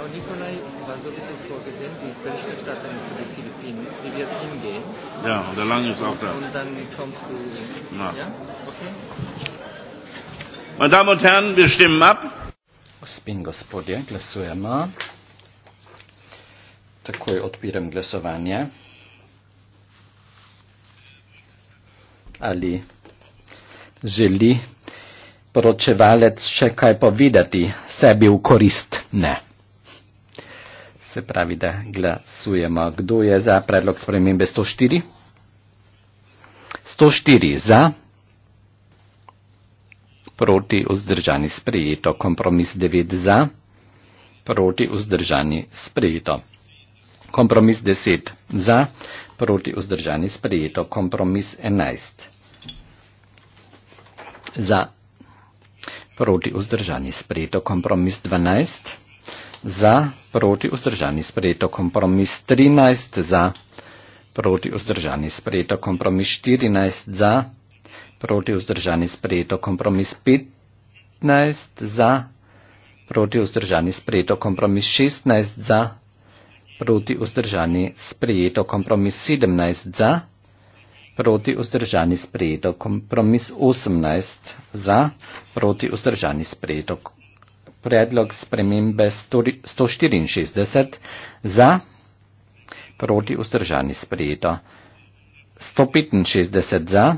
Frau Nikolai war sowieso vorgesehen, die Berichterstatterin für die Philippinen. Sie wird hingehen. Ja, und der Lange ist auch da. Und dann kommst du. Na. Ja? Okay. Meine Damen und Herren, wir stimmen ab. Gospin, gospodje, glasujemo. Takoj odpiram glasovanje. Ali želi poročevalec še kaj povedati sebi v korist? Ne. Se pravi, da glasujemo. Kdo je za predlog spremembe 104? 104 za, proti vzdržani sprejeto, kompromis 9 za, proti vzdržani sprejeto, kompromis 10 za, proti vzdržani sprejeto, kompromis 11 za, proti vzdržani sprejeto, kompromis 12 za za, proti vzdržani sprejeto kompromis 13 za, proti vzdržani sprejeto kompromis 14 za, proti vzdržani sprejeto kompromis 15 za, proti vzdržani sprejeto kompromis 16 za, proti vzdržani sprejeto kompromis 17 za, proti vzdržani sprejeto kompromis 18 za, proti vzdržani sprejeto kompromis predlog spremembe 164, za proti vzdržani sprejeto 165 za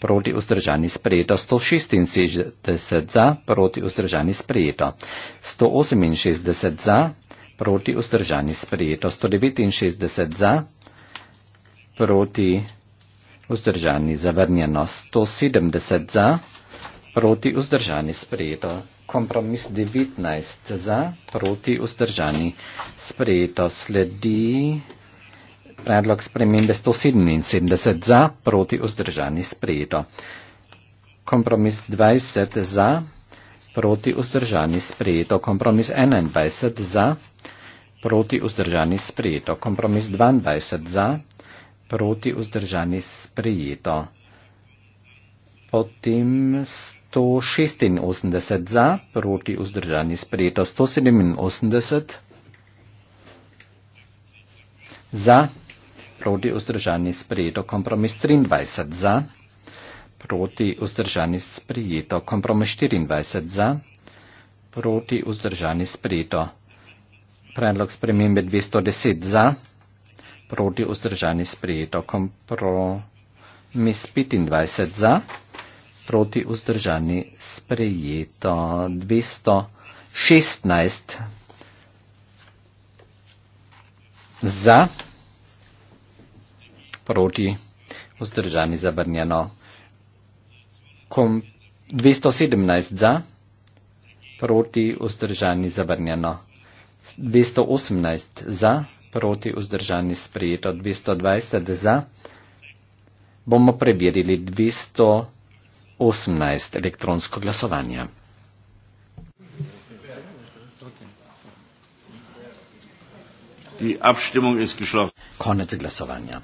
proti vzdržani sprejeto 166 za proti vzdržani sprejeto 168 za proti vzdržani sprejeto 169 za proti vzdržani zavrnjeno 170 za proti vzdržani sprejeto proti vzdržani sprejeto. Kompromis 19 za, proti vzdržani sprejeto. Sledi predlog spremembe 177 za, proti vzdržani sprejeto. Kompromis 20 za, proti vzdržani sprejeto. Kompromis 21 za, proti vzdržani sprejeto. Kompromis 22 za, proti vzdržani sprejeto potem 186 za, proti vzdržani sprejeto 187, za, proti vzdržani sprejeto kompromis 23 za, proti vzdržani sprejeto kompromis 24 za, proti vzdržani sprejeto predlog spremembe 210 za, proti vzdržani sprejeto kompromis 25 za proti vzdržani sprejeto 216 za, proti vzdržani zabrnjeno Kom 217 za, proti vzdržani zabrnjeno 218 za, proti vzdržani sprejeto 220 za, bomo preverili 200. 18 elektronsko glasovanje. Konec glasovanja.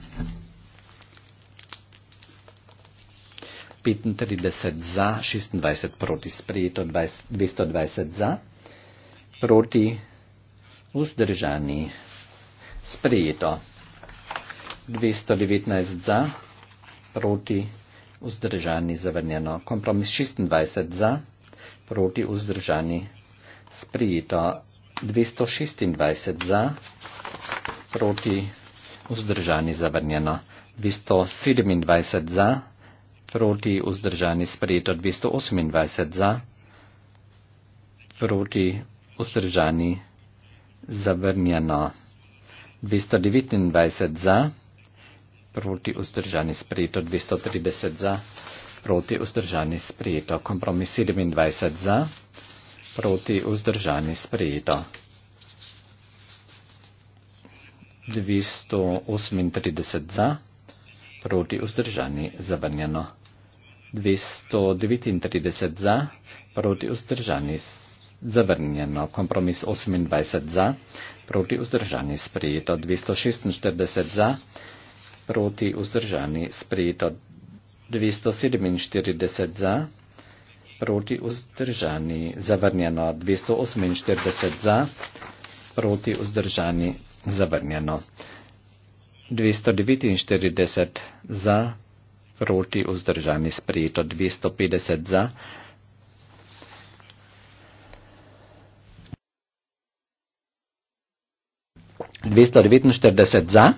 35 za, 26 proti, sprejeto 220 za, proti, vzdržani, sprejeto 219 za, proti, vzdržani zavrnjeno. Kompromis 26 za, proti vzdržani sprijeto. 226 za, proti vzdržani zavrnjeno. 227 za, proti vzdržani sprijeto. 228 za, proti vzdržani zavrnjeno. 229 za, proti vzdržani sprijeto proti vzdržani sprejeto 230 za, proti vzdržani sprejeto kompromis 27 za, proti vzdržani sprejeto 238 za, proti vzdržani zavrnjeno 239 za, proti vzdržani zavrnjeno kompromis 28 za, proti vzdržani sprejeto 246 za, proti vzdržani, sprejeto 247 za, proti vzdržani, zavrnjeno 248 za, proti vzdržani, zavrnjeno 249 za, proti vzdržani, sprejeto 250 za. 249 za.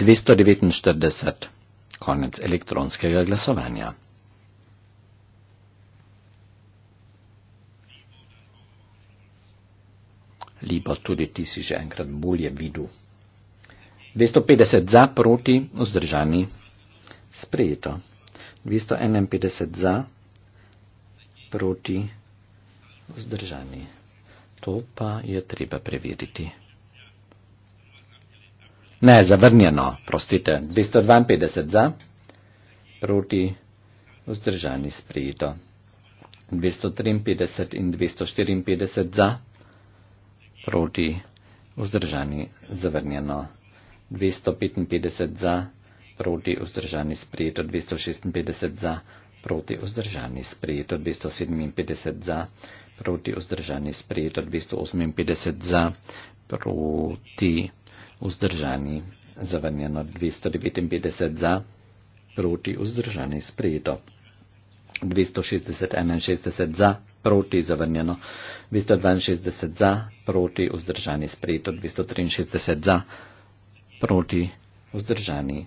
249. Konec elektronskega glasovanja. Lipo, tudi ti si že enkrat bolje videl. 250 za, proti, vzdržani, sprejeto. 251 za, proti, vzdržani. To pa je treba preveriti. Ne, zavrnjeno, prostite. 252 za, proti, vzdržani, sprijeto. 253 in 254 za, proti, vzdržani, zavrnjeno. 255 za, proti, vzdržani, sprijeto. 256 za, proti, vzdržani, sprijeto. 257 za, proti, vzdržani, sprijeto. 258 za, proti, vzdržani, sprijeto vzdržani, zavrnjeno 259 za, proti vzdržani sprejeto. 261 za, proti zavrnjeno, 262 za, proti vzdržani sprejeto, 263 za, proti vzdržani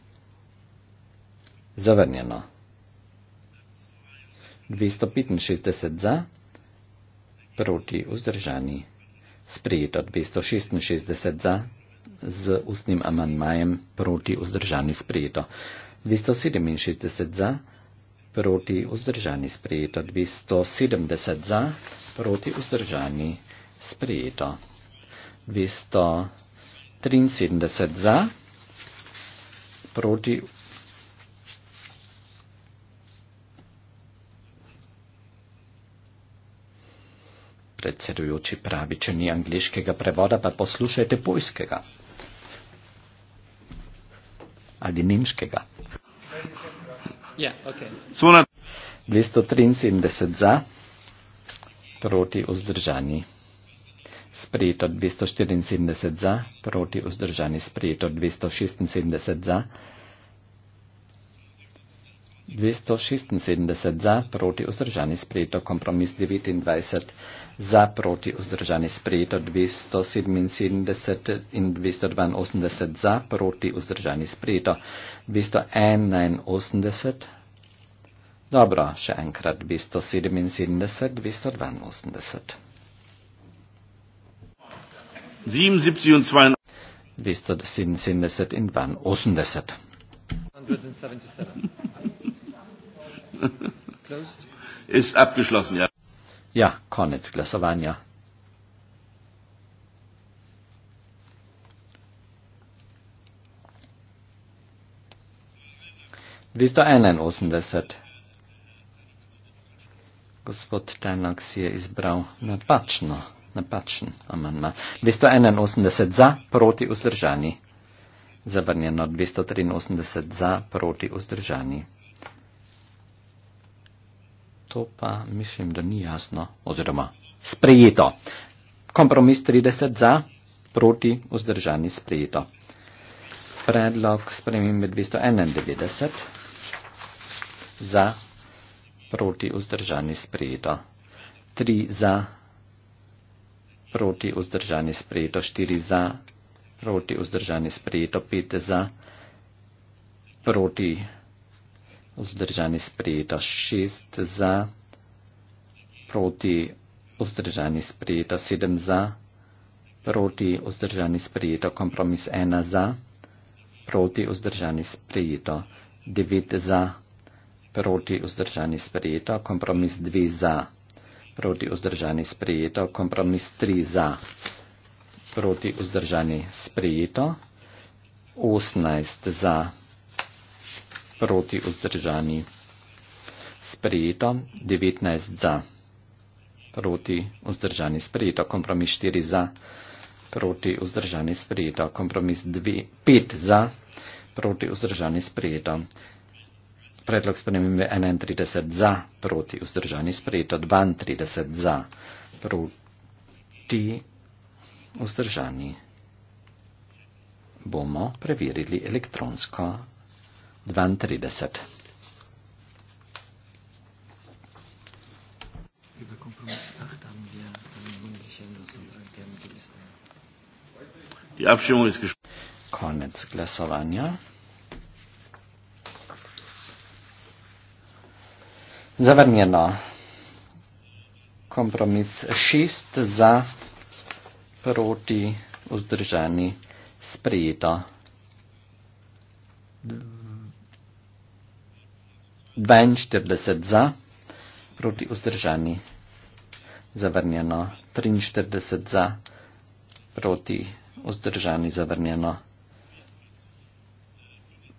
zavrnjeno. 265 za, proti vzdržani sprejeto, 266 za, z ustnim amanmajem proti vzdržani sprejeto. 267 za, proti vzdržani sprejeto. 270 za, proti vzdržani sprejeto. 273 za, proti vzdržani sprejeto. predsedujoči pravi, če ni angliškega prevoda, pa poslušajte poljskega ali nemškega. Yeah, okay. 273 za, proti vzdržani. Sprejeto 274 za, proti vzdržani. Sprejeto 276 za. 276 za, proti vzdržani sprejeto, kompromis 29 za, proti vzdržani sprejeto, 277 in 282 za, proti vzdržani sprejeto, 281. Dobro, še enkrat 277, 282. 77 und 82. 277 und 82 ist abgeschlossen, ja. Ja, konec glasovanja. Dvesto enainosemdeset. Gospod Tenak si je izbral napačno, napačen amandma. Dvesto enainosemdeset za, proti vzdržani. Zavrnjeno dvesto triinosemdeset za, proti vzdržani. To pa mislim, da ni jasno oziroma sprejeto. Kompromis 30 za, proti, vzdržani sprejeto. Predlog spremembe 291 za, proti, vzdržani sprejeto. 3 za, proti, vzdržani sprejeto. 4 za, proti, vzdržani sprejeto. 5 za, proti, vzdržani sprejeto vzdržani sprejeto 6 za, proti vzdržani sprejeto 7 za, proti vzdržani sprejeto kompromis 1 za, proti vzdržani sprejeto 9 za, proti vzdržani sprejeto kompromis 2 za, proti vzdržani sprejeto kompromis 3 za, proti vzdržani sprejeto 18 za, proti vzdržani sprejeto 18 za, proti vzdržani. Sprejeto 19 za, proti vzdržani. Sprejeto kompromis 4 za, proti vzdržani. Sprejeto kompromis 2, 5 za, proti vzdržani. Sprejeto. Predlog spremembe 31 za, proti vzdržani. Sprejeto 32 za, proti vzdržani. Bomo preverili elektronsko 32. Die Abstimmung ist geschlossen. Konnetz Glasowania. 6 za, proti, vzdržani, sprejeto. 42 za, proti vzdržani, zavrnjeno, 43 za, proti vzdržani, zavrnjeno,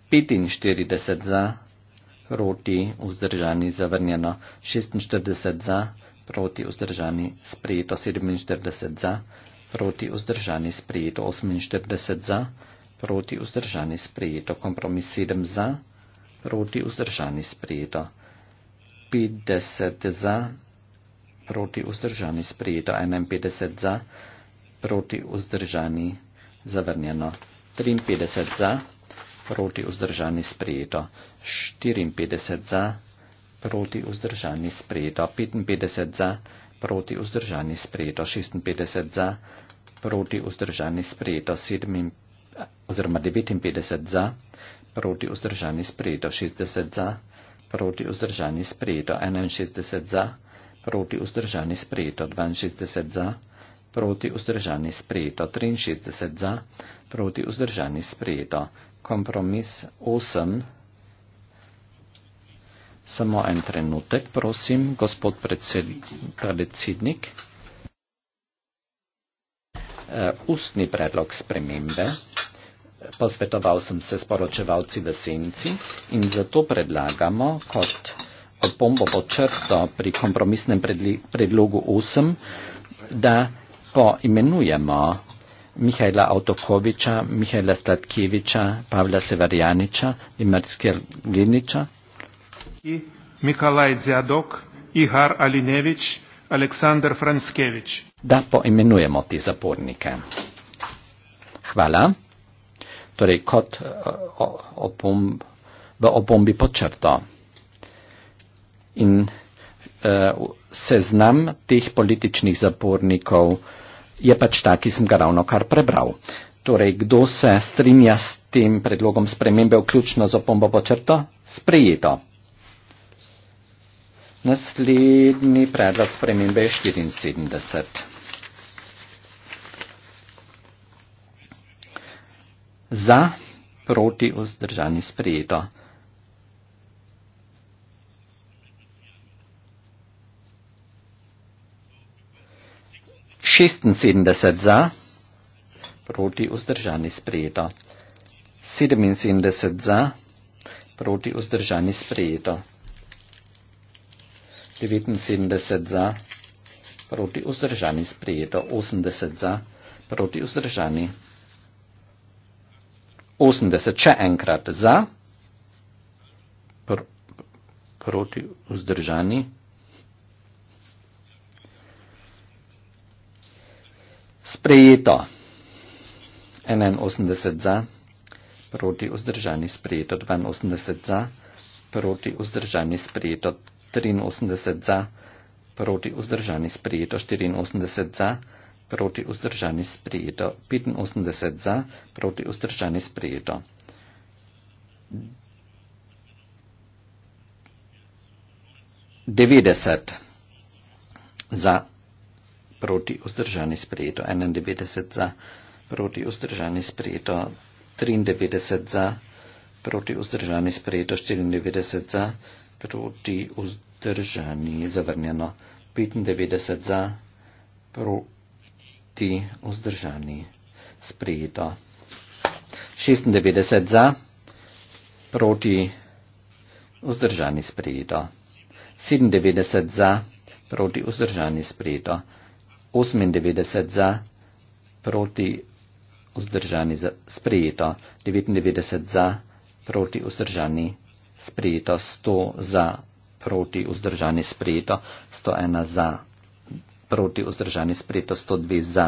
45 za, proti vzdržani, zavrnjeno, 46 za, proti vzdržani, sprejeto, 47 za, proti vzdržani, sprejeto, 48 za, proti vzdržani, sprejeto, kompromis 7 za, proti vzdržani, sprejeto, proti vzdržani sprejeto. 50 za, proti vzdržani sprejeto. 51 za, proti vzdržani zavrnjeno. 53 za, proti vzdržani sprejeto. 54 za, proti vzdržani sprejeto. 55 za, proti vzdržani sprejeto. 56 za, proti vzdržani sprejeto. 57 oziroma 59 za, proti vzdržani sprejeto 60 za, proti vzdržani sprejeto 61 za, proti vzdržani sprejeto 62 za, proti vzdržani sprejeto 63 za, proti vzdržani sprejeto kompromis 8. Samo en trenutek, prosim, gospod predsed, predsednik. Uh, ustni predlog spremembe posvetoval sem se s poročevalci v senci in zato predlagamo kot opombo pod črto pri kompromisnem predlogu 8, da poimenujemo Mihajla Autokoviča, Mihajla Statkeviča, Pavla Severjaniča in Marcija Gliniča. Mikalaj Zjadok, Igar Alinevič, Aleksandar Franskevič. Da poimenujemo te zapornike. Hvala torej kot eh, opom, v opombi pod črto. In eh, seznam teh političnih zapornikov je pač tak, ki sem ga ravno kar prebral. Torej, kdo se strinja s tem predlogom spremembe, vključno z opombo pod črto? Sprejeto. Naslednji predlog spremembe je 74. za, proti, vzdržani, sprejeto. Šestinsedemdeset za, proti, vzdržani, sprejeto. Sedeminsedemdeset za, proti, vzdržani, sprejeto. Devetinsedemdeset za, proti, vzdržani, sprejeto. Osemdeset za, proti, vzdržani, sprejeto. 80, še enkrat za, pr, proti vzdržani. Sprejeto. 81 za, proti vzdržani sprejeto. 82 za, proti vzdržani sprejeto. 83 za, proti vzdržani sprejeto. 84 za, proti vzdržani sprejeto, 85 za proti vzdržani sprejeto. devetdeset za proti vzdržani sprejeto enaindevetdeset za proti vzdržani sprejeto triindevetdeset za proti vzdržani sprejeto štiriindevetdeset za proti vzdržani zavrnjeno petindevetdeset za proti biti vzdržani. Sprejeto. 96 za, proti, vzdržani sprejeto. 97 za, proti, vzdržani sprejeto. 98 za, proti, vzdržani sprejeto. 99 za, proti, vzdržani sprejeto. 100 za, proti, vzdržani sprejeto. 101 za, proti vzdržani sprejeto 102 za,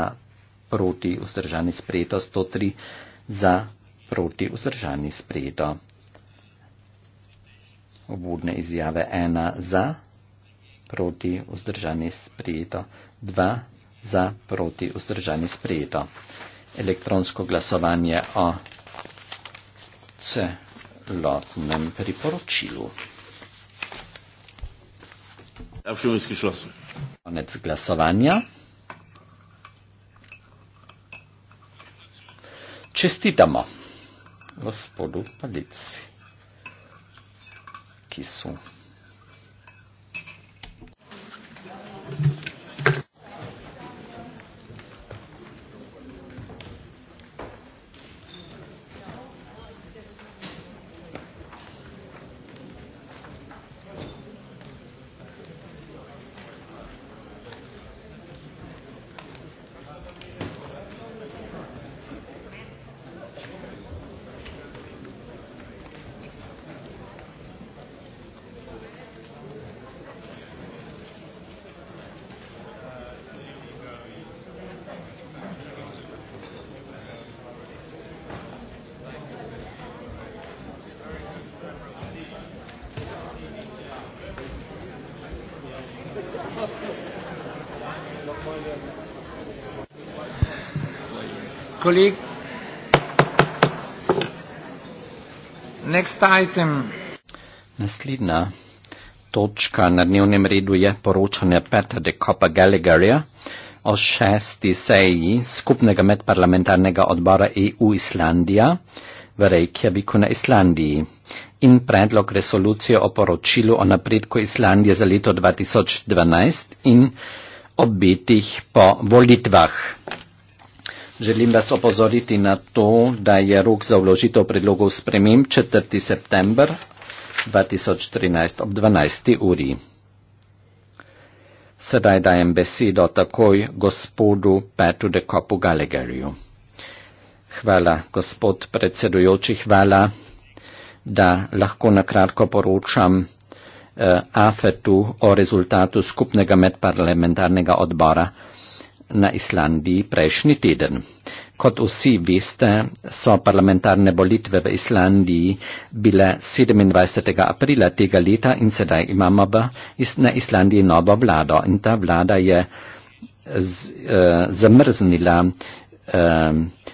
proti vzdržani sprejeto 103 za, proti vzdržani sprejeto. Obudne izjave 1 za, proti vzdržani sprejeto 2 za, proti vzdržani sprejeto. Elektronsko glasovanje o celotnem priporočilu. Abšumijski šlosen konec glasovanja. Čestitamo gospodu Palici, ki su. Thank you. colleague. Next item. Naslednja točka na dnevnem redu je poročanje Petra de Copa Gallagherja o šesti seji skupnega medparlamentarnega odbora EU Islandija v Reykjaviku na Islandiji in predlog resolucije o poročilu o napredku Islandije za leto 2012 in obetih po volitvah. Želim vas opozoriti na to, da je rok za vložitev predlogov sprememb 4. september 2013 ob 12. uri. Sedaj dajem besedo takoj gospodu Petru de Kopu Gallagherju. Hvala, gospod predsedujoči, hvala, da lahko nakratko poročam eh, AFET-u o rezultatu skupnega medparlamentarnega odbora na Islandiji prejšnji teden. Kot vsi veste, so parlamentarne volitve v Islandiji bile 27. aprila tega leta in sedaj imamo v, na Islandiji novo vlado in ta vlada je z, eh, zamrznila eh,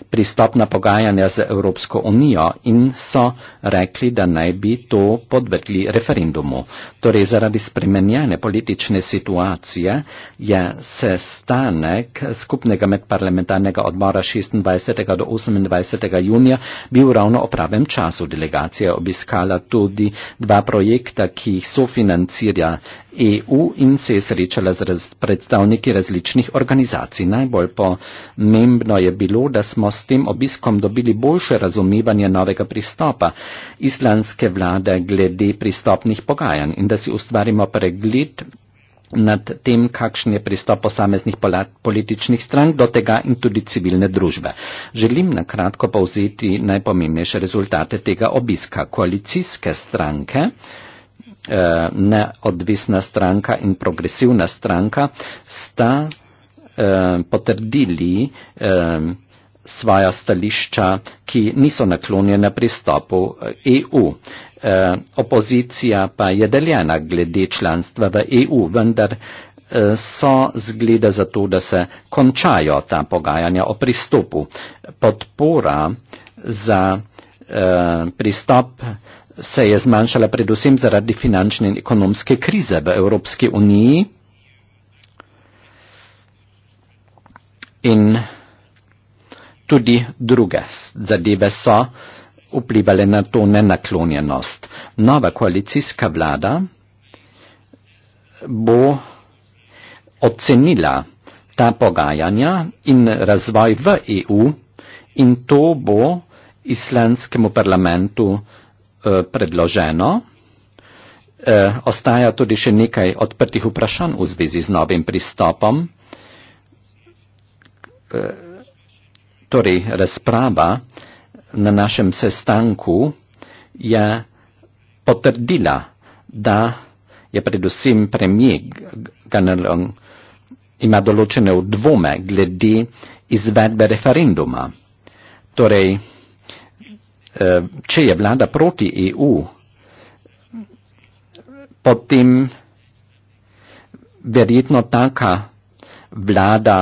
pristop na pogajanja z Evropsko unijo in so rekli, da naj bi to podvrgli referendumu. Torej zaradi spremenjene politične situacije je sestanek skupnega medparlamentarnega odbora 26. do 28. junija bil ravno o pravem času. Delegacija obiskala tudi dva projekta, ki jih sofinancirja EU in se je srečala z raz predstavniki različnih organizacij. Najbolj pomembno je bilo, da smo smo s tem obiskom dobili boljše razumevanje novega pristopa islandske vlade glede pristopnih pogajanj in da si ustvarimo pregled nad tem, kakšen je pristop posameznih političnih strank do tega in tudi civilne družbe. Želim na kratko povzeti najpomembnejše rezultate tega obiska. Koalicijske stranke, eh, neodvisna stranka in progresivna stranka sta eh, potrdili eh, svoja stališča, ki niso naklonjene pristopu EU. Eh, e, eh, opozicija pa je deljena glede članstva v EU, vendar e, so zgleda za to, da se končajo ta pogajanja o pristopu. Podpora za e, pristop se je zmanjšala predvsem zaradi finančne in ekonomske krize v Evropski uniji. In tudi druge zadeve so vplivali na to nenaklonjenost. Nova koalicijska vlada bo ocenila ta pogajanja in razvoj v EU in to bo islandskemu parlamentu eh, predloženo. Eh, ostaja tudi še nekaj odprtih vprašanj v zvezi z novim pristopom. Eh, torej razprava na našem sestanku je potrdila, da je predvsem premijer Ganelon ima določene dvome glede izvedbe referenduma. Torej, eh, če je vlada proti EU, potem verjetno taka vlada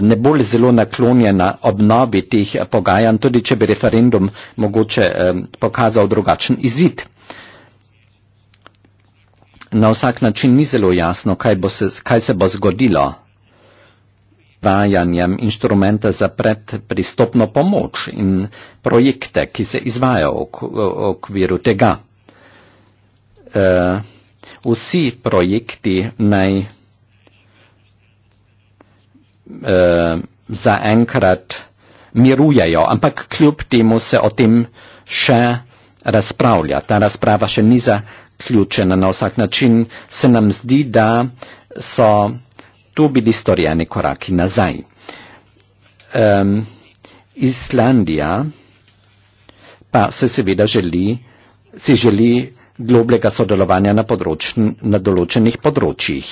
ne bolj zelo naklonjena obnovi teh pogajanj, tudi če bi referendum mogoče pokazal drugačen izid. Na vsak način ni zelo jasno, kaj, se, kaj se bo zgodilo vajanjem inštrumenta za predpristopno pomoč in projekte, ki se izvajo v okviru tega. Uh, vsi projekti naj uh, zaenkrat mirujejo, ampak kljub temu se o tem še razpravlja. Ta razprava še ni zaključena na vsak način. Se nam zdi, da so tu bili storjeni koraki nazaj. Um, Islandija pa se seveda želi, si želi globlega sodelovanja na, področ, na določenih področjih.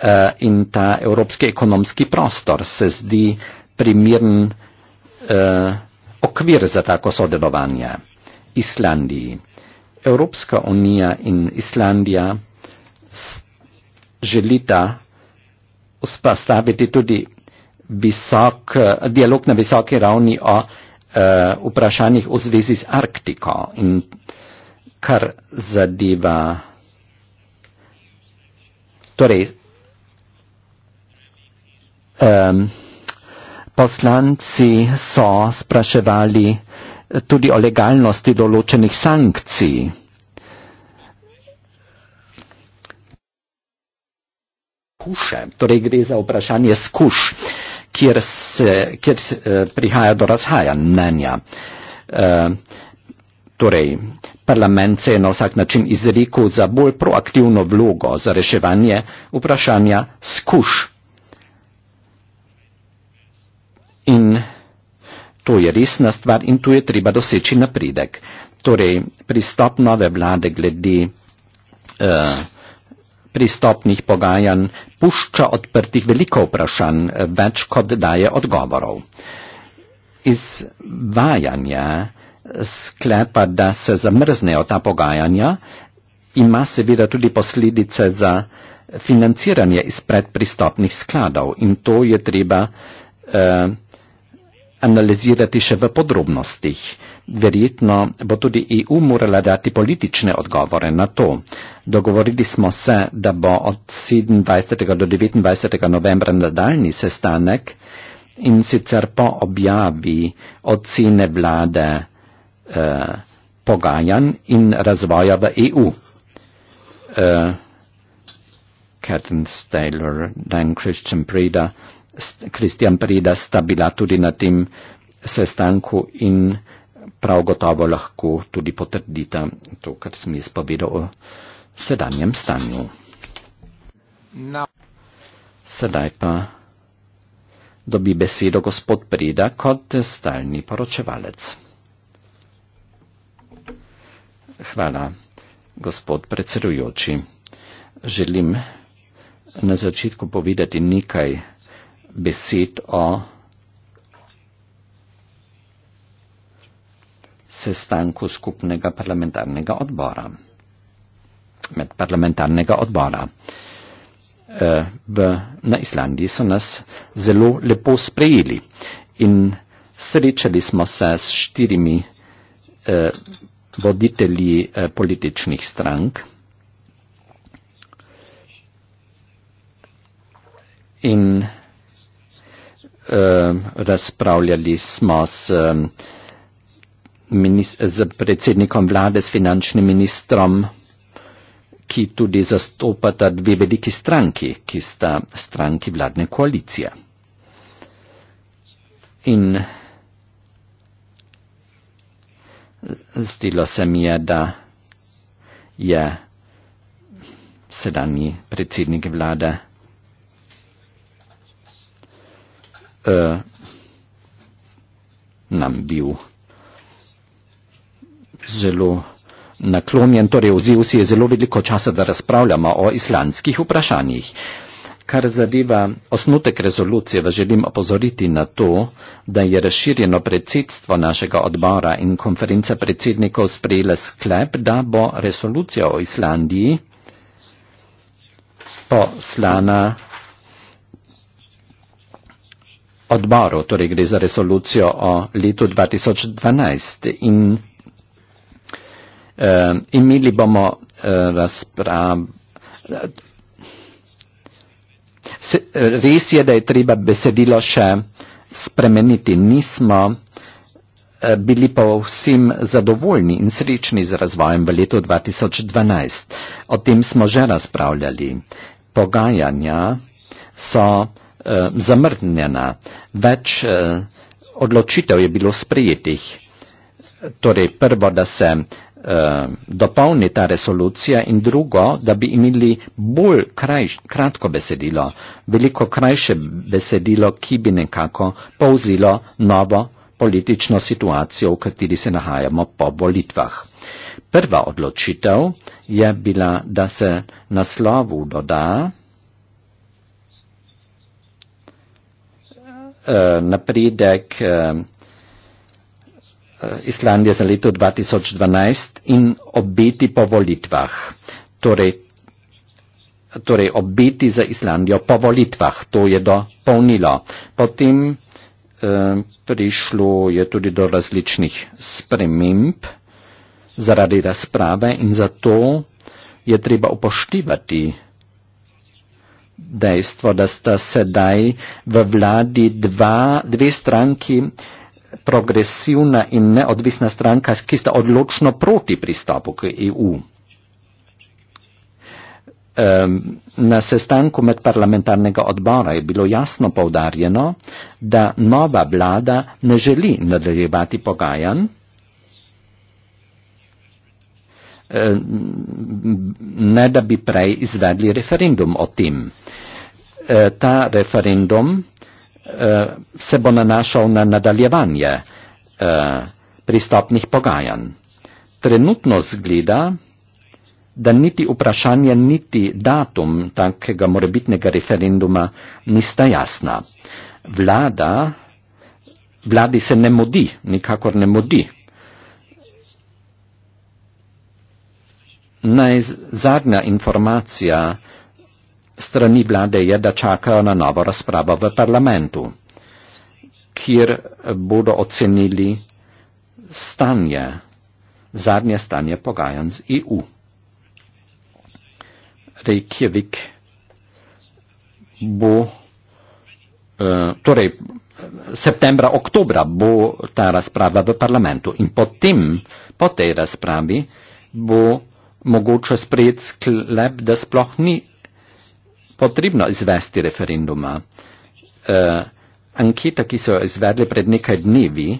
Eh, in ta evropski ekonomski prostor se zdi primern eh, okvir za tako sodelovanje. Islandiji. Evropska unija in Islandija želita vzpostaviti tudi visok, dialog na visoki ravni o eh, vprašanjih v zvezi z Arktiko in kar zadeva. Torej, um, poslanci so spraševali tudi o legalnosti določenih sankcij. Torej gre za vprašanje skuš, kjer, se, kjer se, eh, prihaja do razhajanj mnenja. E, torej, parlament se je na vsak način izrekel za bolj proaktivno vlogo za reševanje vprašanja skuš. In to je resna stvar in tu je treba doseči napredek. Torej, pristop nove vlade glede uh, pristopnih pogajanj pušča odprtih veliko vprašanj, eh, več kot daje odgovorov. Izvajanje eh, sklepa, da se zamrznejo ta pogajanja, ima seveda tudi posledice za financiranje iz predpristopnih skladov in to je treba uh, analizirati še v podrobnostih. Verjetno bo tudi EU morala dati politične odgovore na to. Dogovorili smo se, da bo od 27. do 29. novembra nadaljni sestanek in sicer po objavi ocene vlade eh, pogajan in razvoja v EU. Eh, Catherine Staylor, Dan Christian Breda. Kristjan Prida sta bila tudi na tem sestanku in prav gotovo lahko tudi potrdita to, kar sem jaz povedal o sedanjem stanju. Sedaj pa dobi besedo gospod Prida kot stalni poročevalec. Hvala, gospod predsedujoči. Želim na začetku povedati nekaj besed o sestanku skupnega parlamentarnega odbora, medparlamentarnega odbora. E, v, na Islandiji so nas zelo lepo sprejeli in srečali smo se s štirimi eh, voditelji eh, političnih strank in eh, Ehm, razpravljali smo s, z ehm, predsednikom vlade, s finančnim ministrom, ki tudi zastopata dve veliki stranki, ki sta stranki vladne koalicije. In zdelo se mi je, da je sedanji predsednik vlade. eh, nam bil zelo naklonjen, torej vzel si je zelo veliko časa, da razpravljamo o islandskih vprašanjih. Kar zadeva osnutek rezolucije, vas želim opozoriti na to, da je razširjeno predsedstvo našega odbora in konferenca predsednikov sprejela sklep, da bo resolucija o Islandiji poslana odboru, torej gre za resolucijo o letu 2012 in uh, imeli bomo uh, razpravo. Eh, res je, da je treba besedilo še spremeniti. Nismo bili pa vsem zadovoljni in srečni z razvojem v letu 2012. O tem smo že razpravljali. Pogajanja so Eh, zamrznjena, več eh, odločitev je bilo sprejetih. Torej prvo, da se eh, dopolni ta resolucija in drugo, da bi imeli bolj kraj, kratko besedilo, veliko krajše besedilo, ki bi nekako povzilo novo politično situacijo, v kateri se nahajamo po volitvah. Prva odločitev je bila, da se naslovu doda, Eh, na pridek eh, eh, Islandije za leto 2012 in obiti po volitvah. Torej, torej obiti za Islandijo po volitvah, to je dopolnilo. Potem prišlo je tudi do različnih sprememb zaradi razprave in zato je treba upoštevati dejstvo, da sta sedaj v vladi dva, dve stranki, progresivna in neodvisna stranka, ki sta odločno proti pristopu k EU. Na sestanku medparlamentarnega odbora je bilo jasno povdarjeno, da nova vlada ne želi nadaljevati pogajanj, Eh, ne da bi prej izvedli referendum o tem. Eh, ta referendum eh, se bo nanašal na nadaljevanje pristopnih pogajanj. Trenutno zgleda, da niti vprašanje, niti datum takega morebitnega referenduma nista jasna. Vlada, vladi se ne modi, nikakor ne modi, Najzadnja informacija strani vlade je, da čakajo na novo razpravo v parlamentu, kjer bodo ocenili stanje, zadnje stanje pogajanj z EU. Reykjavik bo, eh, torej septembra, oktobra bo ta razprava v parlamentu in potem, po tej razpravi, bo mogoče sprejeti sklep, da sploh ni potrebno izvesti referenduma. E, anketa, ki so jo izvedli pred nekaj dnevi,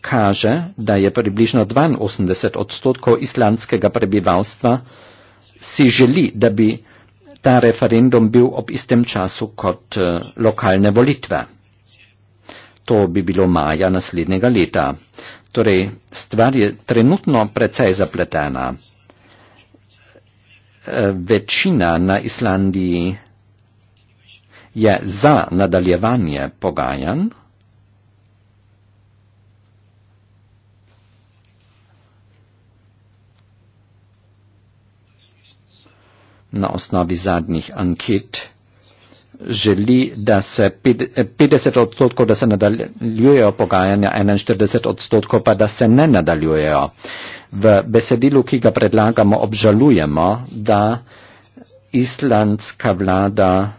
kaže, da je približno 82 odstotkov islandskega prebivalstva si želi, da bi ta referendum bil ob istem času kot e, lokalne volitve. To bi bilo maja naslednjega leta. Torej, stvar je trenutno precej zapletena. Eh, večina na Islandiji je za nadaljevanje pogajanj. Na osnovi zadnjih anket želi, da se 50 eh, odstotkov, da se nadaljujejo pogajanja, 41 odstotkov pa, da se ne nadaljujejo. V besedilu, ki ga predlagamo, obžalujemo, da islandska vlada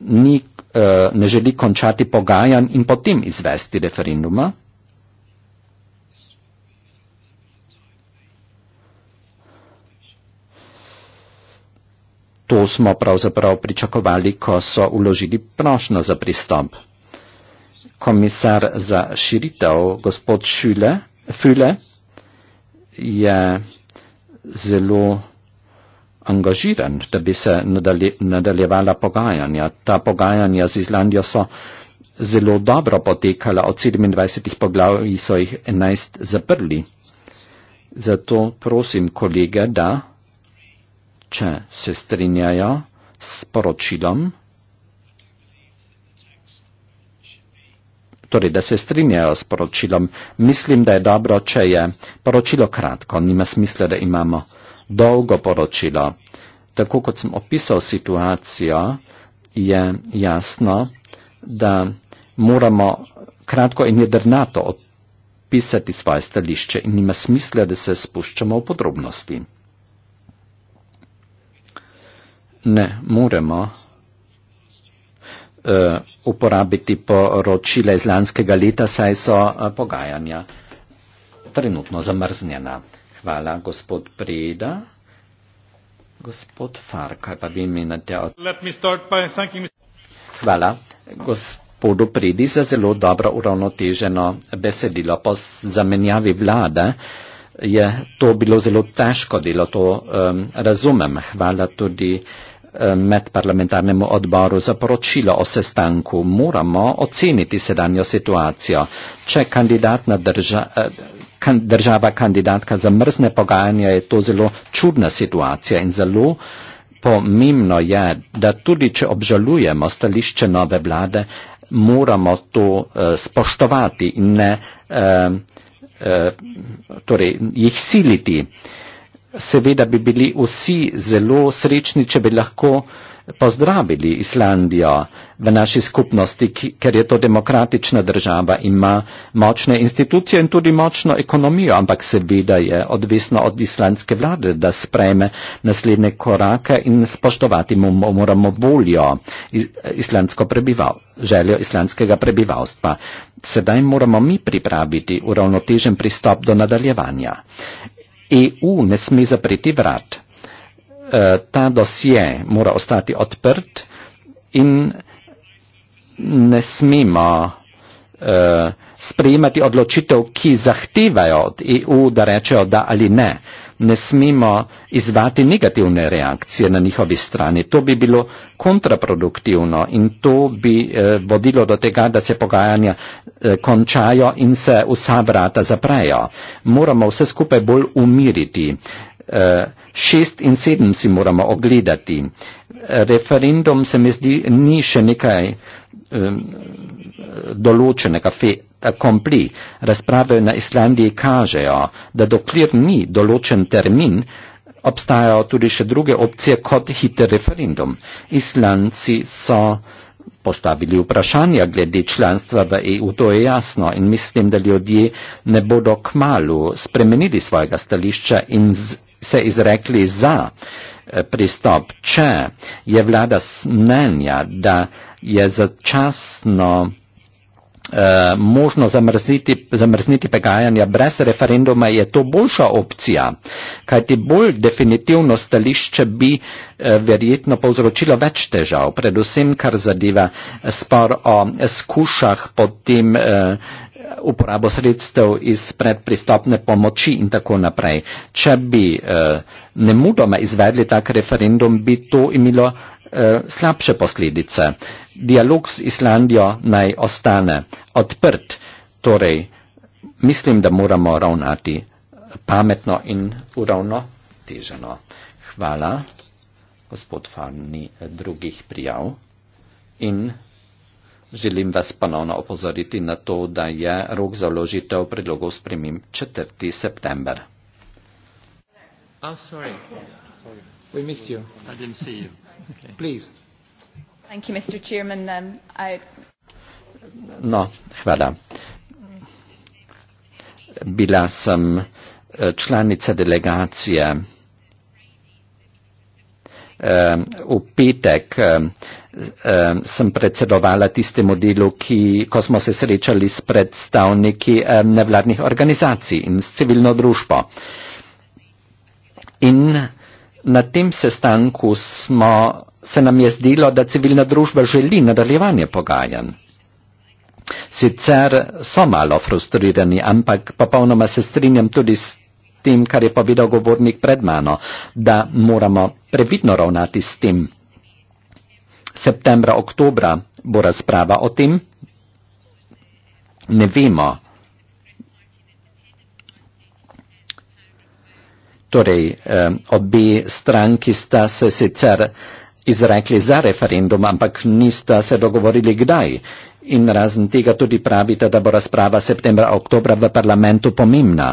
ni, eh, ne želi končati pogajanj in potem izvesti referenduma. To smo pravzaprav pričakovali, ko so uložili prošno za pristop. Komisar za širitev, gospod Šule, Füle, je zelo angažiran, da bi se nadalje, nadaljevala pogajanja. Ta pogajanja z Islandijo so zelo dobro potekala, od 27 poglavij so jih 11 zaprli. Zato prosim kolege, da če se strinjajo s poročilom, torej, da se strinjajo s poročilom, mislim, da je dobro, če je poročilo kratko, nima smisla, da imamo dolgo poročilo. Tako kot sem opisal situacijo, je jasno, da moramo kratko in jedrnato opisati svoje stališče in nima smisla, da se spuščamo v podrobnosti ne moremo uh, uporabiti poročila iz lanskega leta, saj so uh, pogajanja trenutno zamrznjena. Hvala, gospod Preda. Gospod Far, kaj pa vi menite od... Hvala gospodu Predi za zelo dobro uravnoteženo besedilo po zamenjavi vlade. Uh, je to bilo zelo težko delo, to um, razumem. Hvala tudi um, med parlamentarnemu odboru za poročilo o sestanku. Moramo oceniti sedanjo situacijo. Če kandidatna drža, uh, kan, država kandidatka zamrzne pogajanja, je to zelo čudna situacija in zelo pomembno je, da tudi če obžalujemo stališče nove vlade, moramo to uh, spoštovati in ne. Uh, Eh, torej jih siliti. Seveda bi bili vsi zelo srečni, če bi lahko uh, pozdravili Islandijo v naši skupnosti, ker je to demokratična država, ima močne institucije in tudi močno ekonomijo, ampak seveda je odvisno od islandske vlade, da sprejme naslednje korake in spoštovati mu moramo voljo islandsko prebival, željo islandskega prebivalstva. Sedaj moramo mi pripraviti uravnotežen pristop do nadaljevanja. EU ne sme zapreti vrat Eh, ta dosje mora ostati odprt in ne smemo uh, sprejemati odločitev, ki zahtevajo od EU, da rečejo da ali ne. Ne smemo izvati negativne reakcije na njihovi strani. To bi bilo kontraproduktivno in to bi uh, vodilo do tega, da se pogajanja uh, končajo in se vsa vrata zaprejo. Moramo vse skupaj bolj umiriti. Uh, šest in sedem si moramo ogledati. Referendum se mi zdi ni še nekaj določenega kompli. Razprave na Islandiji kažejo, da dokler ni določen termin, obstajajo tudi še druge opcije kot hiter referendum. Islandci so postavili vprašanja glede članstva v EU, to je jasno in mislim, da ljudje ne bodo kmalu spremenili svojega stališča in se izrekli za eh, pristop, če je vlada mnenja, da je začasno eh, možno zamrzniti, zamrzniti pegajanja brez referenduma, je to boljša opcija, kajti bolj definitivno stališče bi eh, verjetno povzročilo več težav, predvsem kar zadeva spor o skušah potem. Eh, uporabo sredstev iz predpristopne pomoči in tako naprej. Če bi eh, nemudoma izvedli tak referendum, bi to imelo eh, slabše posledice. Dialog s Islandijo naj ostane odprt. Torej, mislim, da moramo ravnati eh, pametno in uravnoteženo. Hvala, gospod Farni, eh, drugih prijav. In Želim vas ponovno opozoriti na to, da je rok za vložitev predlogov spremim 4. september. Oh, sorry. We miss you. I didn't see you. Please. Thank you, Mr. Chairman. Um, I... No, hvala. Bila sem eh, članica delegacije um, v petek um, um, sem predsedovala tistemu delu, ki, ko smo se srečali s predstavniki um, nevladnih organizacij in s civilno družbo. In na tem sestanku smo, se nam je zdelo, da civilna družba želi nadaljevanje pogajanj. Sicer so malo frustrirani, ampak popolnoma se strinjam tudi s tem, kar je povedal govornik pred mano, da moramo previdno ravnati s tem septembra, oktobra bo razprava o tem. Ne vemo. Torej, eh, obe stranki sta se sicer izrekli za referendum, ampak nista se dogovorili kdaj. In razen tega tudi pravite, da bo razprava septembra, oktobra v parlamentu pomembna.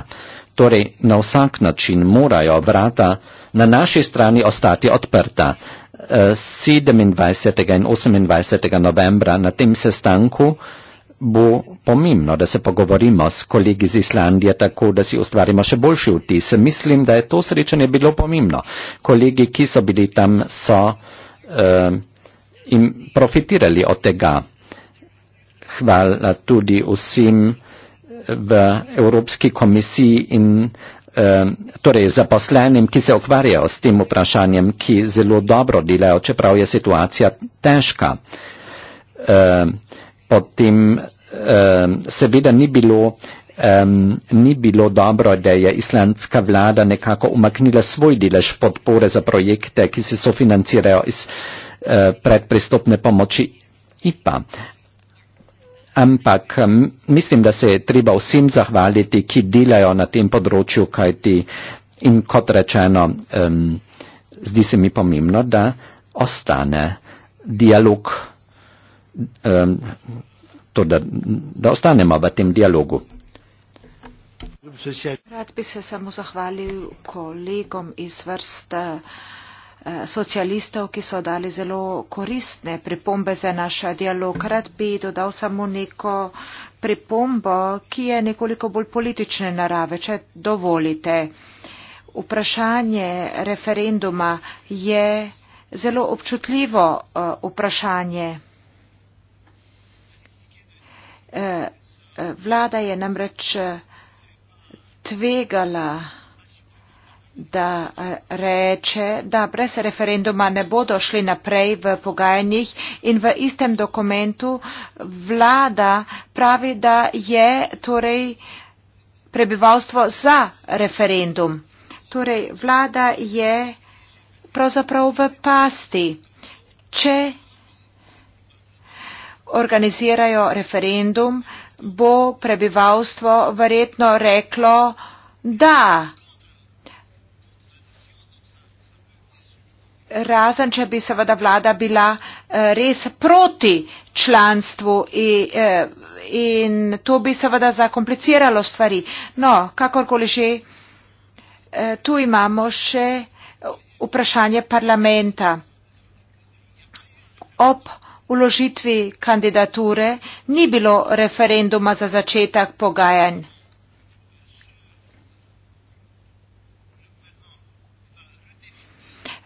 Torej, na vsak način morajo vrata na naši strani ostati odprta. 27. Eh, in 28. novembra na tem sestanku bo pomembno, da se pogovorimo s kolegi iz Islandije tako, da si ustvarimo še boljši vtis. Mislim, da je to srečanje bilo pomembno. Kolegi, ki so bili tam, so uh, in profitirali od tega. Hvala tudi vsem v Evropski komisiji in Eh, torej zaposlenim, ki se ukvarjajo s tem vprašanjem, ki zelo dobro delajo, čeprav je situacija težka. Eh, potem eh, seveda ni bilo, ni bilo dobro, da je islandska vlada nekako umaknila svoj delež podpore za projekte, ki se sofinancirajo iz predpristopne pomoči IPA ampak mislim, da se je treba vsem zahvaliti, ki delajo na tem področju, kajti in kot rečeno, um, zdi se mi pomembno, da ostane dialog, um, to, torej, da, da ostanemo v tem dialogu. Rad bi se samo zahvalil kolegom iz vrste socialistov, ki so dali zelo koristne pripombe za naš dialog. Rad bi dodal samo neko pripombo, ki je nekoliko bolj politične narave, če dovolite. Vprašanje referenduma je zelo občutljivo eh, vprašanje. Eh, eh, vlada je namreč tvegala da eh, reče, da brez referenduma ne bodo šli naprej v pogajanjih in v istem dokumentu vlada pravi, da je torej prebivalstvo za referendum. Torej, vlada je pravzaprav v pasti, če organizirajo referendum, bo prebivalstvo verjetno reklo da. razen če bi seveda vlada bila eh, res proti članstvu e, eh, in to bi seveda zakompliciralo stvari. No, kakorkoli že, eh, tu imamo še vprašanje parlamenta. Ob uložitvi kandidature ni bilo referenduma za začetek pogajanj.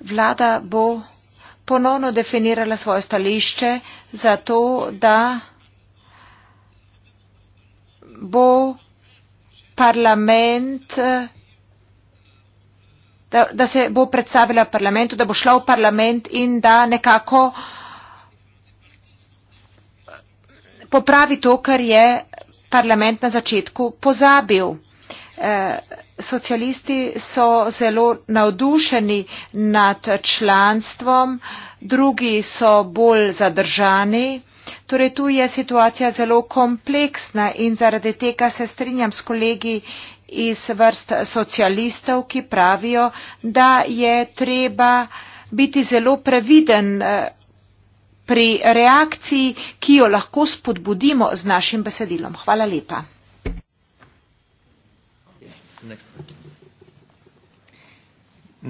vlada bo ponovno definirala svoje stališče za to, da bo parlament, da, da se bo predstavila parlamentu, da bo šla v parlament in da nekako popravi to, kar je parlament na začetku pozabil. Eh, socialisti so zelo navdušeni nad članstvom, drugi so bolj zadržani. Torej tu je situacija zelo kompleksna in zaradi tega se strinjam s kolegi iz vrst socialistov, ki pravijo, da je treba biti zelo previden eh, pri reakciji, ki jo lahko spodbudimo z našim besedilom. Hvala lepa the next question.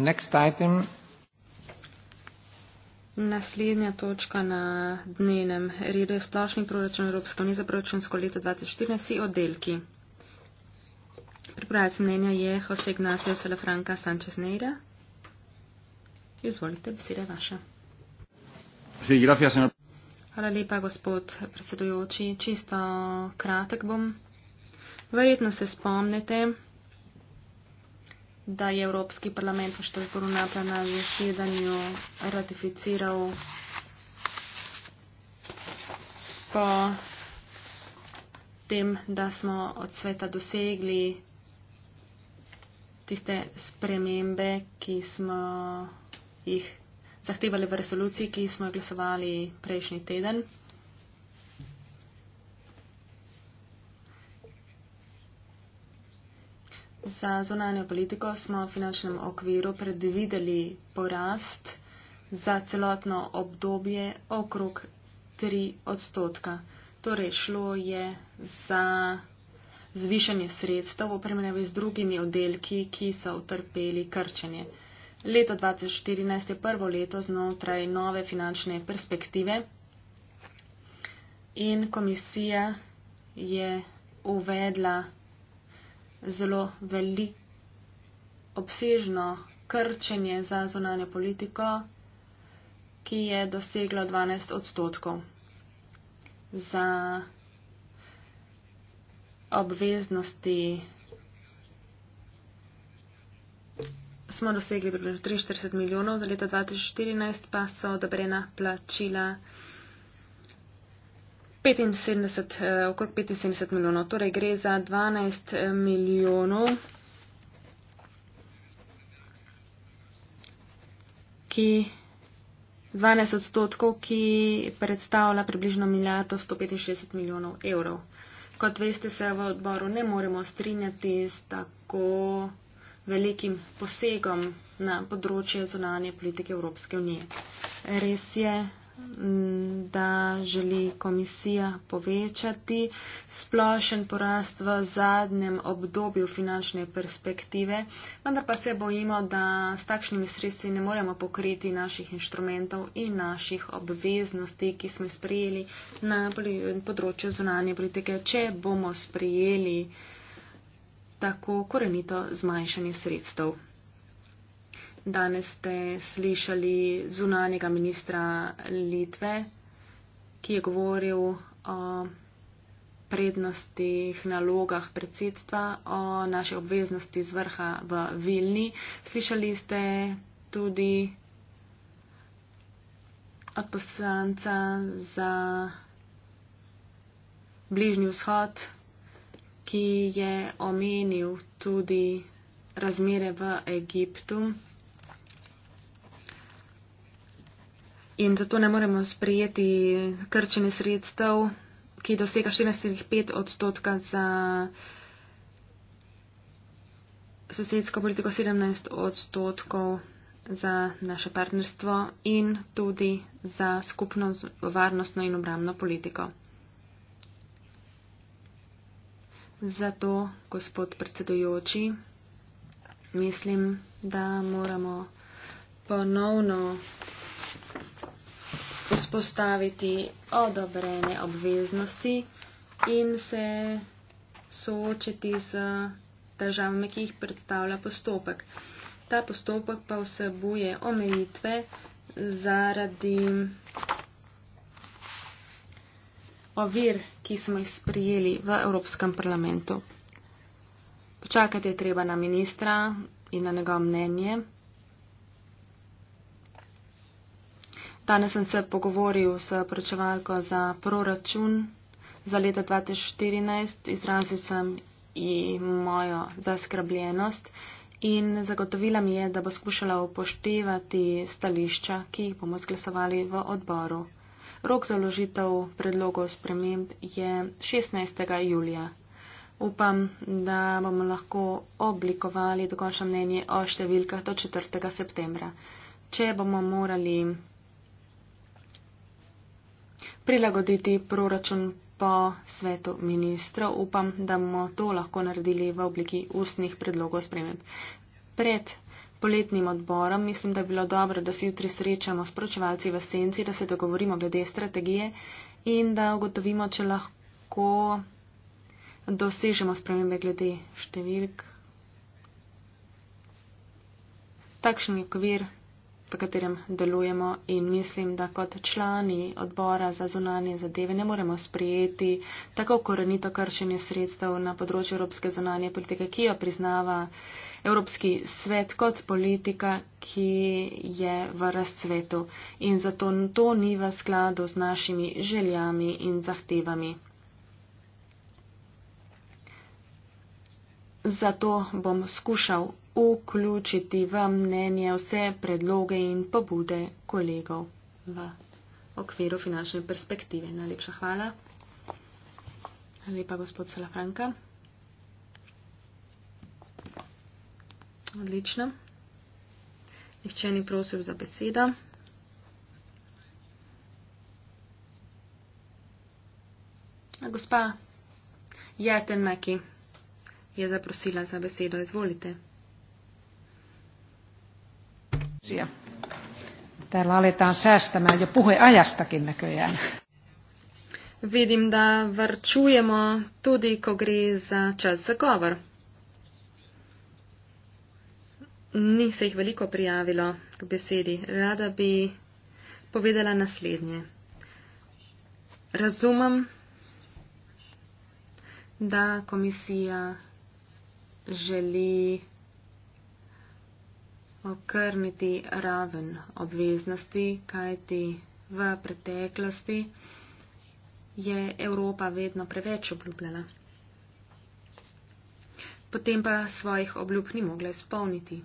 Next item. Naslednja točka na dnevnem redu je splošni proračun Evropske unije za proračunsko leto 2014 in oddelki. Pripravljac mnenja je Jose Ignacio Salafranca Sanchez Neira. Izvolite, beseda je vaša. Hvala lepa, gospod predsedujoči. Čisto kratek bom. Verjetno se spomnite, da je Evropski parlament v Štrasburu naprej na zasedanju ratificiral po tem, da smo od sveta dosegli tiste spremembe, ki smo jih zahtevali v resoluciji, ki smo jo glasovali prejšnji teden. Za zunanjo politiko smo v finančnem okviru predvideli porast za celotno obdobje okrog 3 odstotka. Torej, šlo je za zvišanje sredstev v primerjavi z drugimi oddelki, ki so utrpeli krčenje. Leto 2014 je prvo leto znotraj nove finančne perspektive in komisija je uvedla zelo veliko obsežno krčenje za zonanje politiko, ki je doseglo 12 odstotkov za obveznosti. Smo dosegli približno 43 milijonov, za leto 2014 pa so odobrena plačila 75, eh, okrog 75 milijonov. Torej gre za 12 eh, milijonov, ki, 12 odstotkov, ki predstavlja približno milijardo 165 milijonov evrov. Kot veste, se v odboru ne moremo strinjati s tako velikim posegom na področje zunanje politike Evropske unije. Res je, da želi komisija povečati splošen porast v zadnjem obdobju finančne perspektive, vendar pa se bojimo, da s takšnimi sredstvi ne moremo pokriti naših inštrumentov in naših obveznosti, ki smo jih sprejeli na področju zunanje politike, če bomo sprejeli tako korenito zmanjšanje sredstev. Danes ste slišali zunanjega ministra Litve, ki je govoril o prednostih, nalogah predsedstva, o naši obveznosti z vrha v Vilni. Slišali ste tudi od poslanca za bližnji vzhod, ki je omenil tudi razmere v Egiptu. in zato ne moremo sprejeti krčene sredstev, ki dosega 14,5 odstotka za sosedsko politiko, 17 odstotkov za naše partnerstvo in tudi za skupno varnostno in obramno politiko. Zato, gospod predsedujoči, mislim, da moramo ponovno vzpostaviti odobrene obveznosti in se soočiti z državami, ki jih predstavlja postopek. Ta postopek pa vsebuje omejitve zaradi ovir, ki smo jih sprijeli v Evropskem parlamentu. Počakati je treba na ministra in na njegovo mnenje. Danes sem se pogovoril s poročevalko za proračun za leto 2014, izrazil sem ji mojo zaskrbljenost in zagotovila mi je, da bo skušala upoštevati stališča, ki jih bomo sklesovali v odboru. Rok za vložitev predlogov sprememb je 16. julija. Upam, da bomo lahko oblikovali dokončno mnenje o številkah do 4. septembra. Če bomo morali prilagoditi proračun po svetu ministra. Upam, da bomo to lahko naredili v obliki ustnih predlogov sprememb. Pred poletnim odborom mislim, da bi bilo dobro, da se jutri srečamo s pročevalci v senci, da se dogovorimo glede strategije in da ugotovimo, če lahko dosežemo spremembe glede številk. Takšen je kvir v katerem delujemo in mislim, da kot člani odbora za zunanje zadeve ne moremo sprijeti tako korenito kršenje sredstev na področju evropske zunanje politike, ki jo priznava Evropski svet kot politika, ki je v razcvetu in zato to ni v skladu z našimi željami in zahtevami. Zato bom skušal vključiti v mnenje vse predloge in pobude kolegov v okviru finančne perspektive. Najlepša hvala. Lepa gospod Salafranka. Odlično. Nihče ni prosil za besedo. Gospa Jatenmeki je zaprosila za besedo. Izvolite kysymyksiä. Täällä aletaan säästämään jo puheajastakin näköjään. Vidim da varčujemo tudi, ko gre za čas za govor. Ni se jih veliko prijavilo k besedi. Rada bi povedala naslednje. Razumem, da komisija želi okrniti raven obveznosti, kajti v preteklosti je Evropa vedno preveč obljubljala. Potem pa svojih obljub ni mogla izpolniti.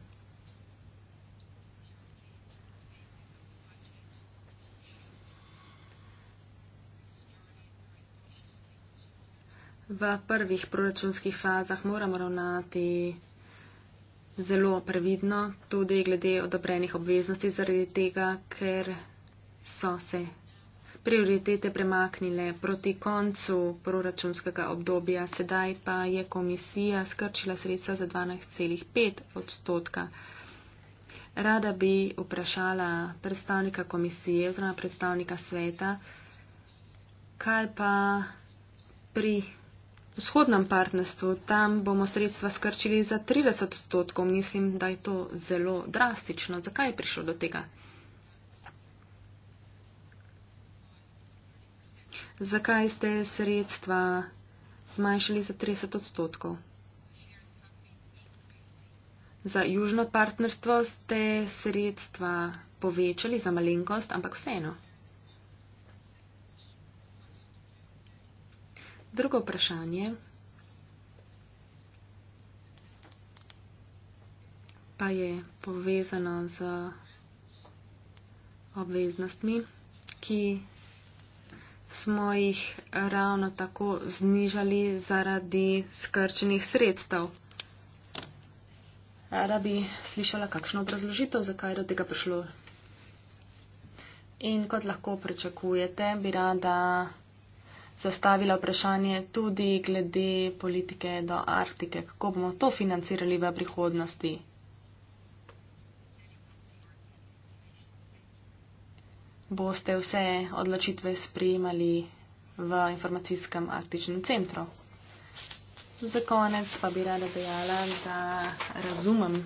V prvih proračunskih fazah moramo ravnati zelo previdno, tudi glede odobrenih obveznosti zaradi tega, ker so se prioritete premaknile proti koncu proračunskega obdobja, sedaj pa je komisija skrčila sredstva za 12,5 odstotka. Rada bi vprašala predstavnika komisije oziroma predstavnika sveta, kaj pa pri vzhodnem partnerstvu. Tam bomo sredstva skrčili za 30 odstotkov. Mislim, da je to zelo drastično. Zakaj je prišlo do tega? Zakaj ste sredstva zmanjšali za 30 odstotkov? Za južno partnerstvo ste sredstva povečali za malenkost, ampak vseeno. Drugo vprašanje pa je povezano z obveznostmi, ki smo jih ravno tako znižali zaradi skrčenih sredstev. Rada bi slišala kakšno obrazložitev, zakaj je do tega prišlo. In kot lahko pričakujete, bi rada zastavila vprašanje tudi glede politike do Arktike. Kako bomo to financirali v prihodnosti? Boste vse odločitve sprejemali v informacijskem arktičnem centru. Za konec pa bi rada dejala, da razumem,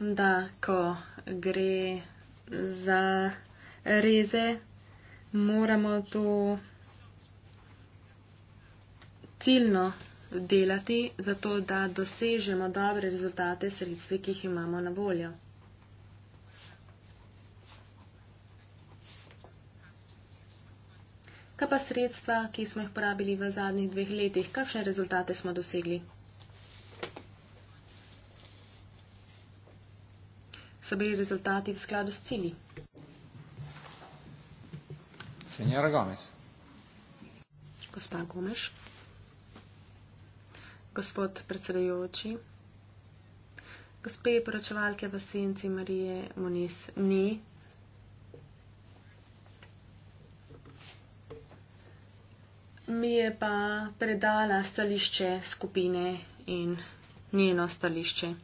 da ko gre za reze, moramo to ciljno delati, zato da dosežemo dobre rezultate sredstvi, ki jih imamo na voljo. Kaj pa sredstva, ki smo jih porabili v zadnjih dveh letih, kakšne rezultate smo dosegli? So bili rezultati v skladu s cili? Senjora Gomez. Gospa Gomez. Gospod predsedajoči. Gospe poročevalke v senci Marije Moniz ni. Mi je pa predala stališče skupine in njeno stališče.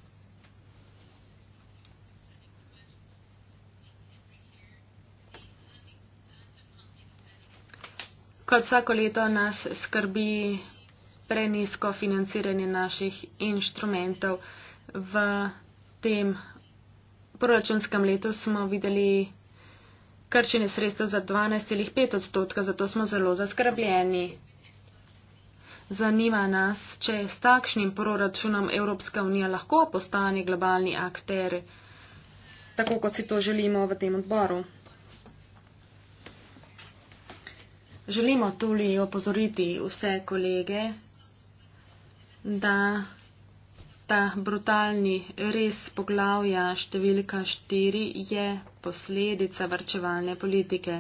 kot vsako leto nas skrbi prenisko financiranje naših inštrumentov. V tem proračunskem letu smo videli krčenje sredstev za 12,5 odstotka, zato smo zelo zaskrbljeni. Zanima nas, če s takšnim proračunom Evropska unija lahko postane globalni akter, tako kot si to želimo v tem odboru. Želimo tudi opozoriti vse kolege, da ta brutalni res poglavja številka 4 je posledica vrčevalne politike.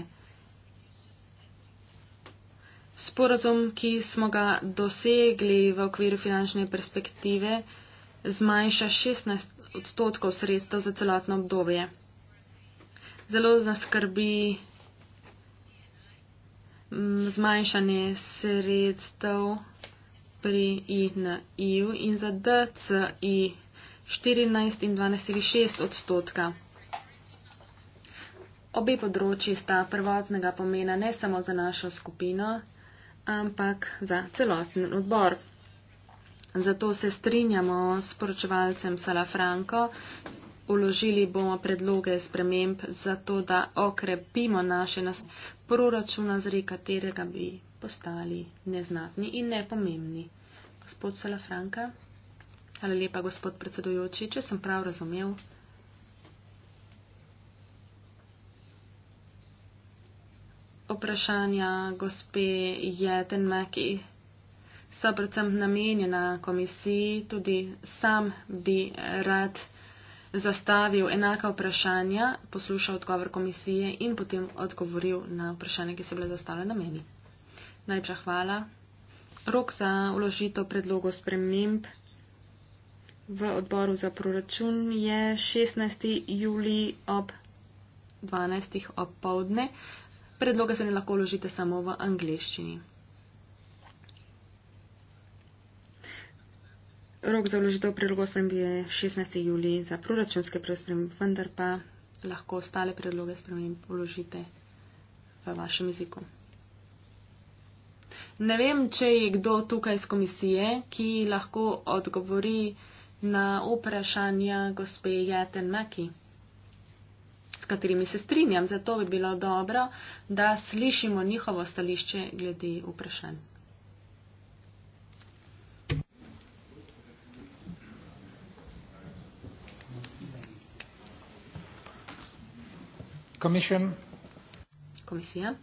Sporazum, ki smo ga dosegli v okviru finančne perspektive, zmanjša 16 odstotkov sredstev za celotno obdobje. Zelo zaskrbi zmanjšanje sredstev pri INI-ju in za DCI 14 in 12,6 odstotka. Obe področji sta prvotnega pomena ne samo za našo skupino, ampak za celoten odbor. Zato se strinjamo s poročevalcem Salafranko, Uložili bomo predloge sprememb za to, da okrepimo naše nas proračuna, zaradi katerega bi postali neznatni in nepomembni. Gospod Salafranka, ali lepa gospod predsedujoči, če sem prav razumel. Vprašanja gospe Jetenmeki so predvsem namenjena komisiji, tudi sam bi rad zastavil enaka vprašanja, poslušal odgovor komisije in potem odgovoril na vprašanja, ki so bile zastavljene meni. Najprej hvala. Rok za uložitev predlogov sprememb v odboru za proračun je 16. juli ob 12. opovdne. Predloga se ne lahko uložite samo v angliščini. Rok za vložitev predlogov sprememb je 16. juli za proračunske predlogi, vendar pa lahko ostale predloge sprememb vložite v vašem jeziku. Ne vem, če je kdo tukaj iz komisije, ki lahko odgovori na vprašanja gospe Jeten Meki, s katerimi se strinjam, zato bi bilo dobro, da slišimo njihovo stališče glede vprašanj. Commission. Komisija.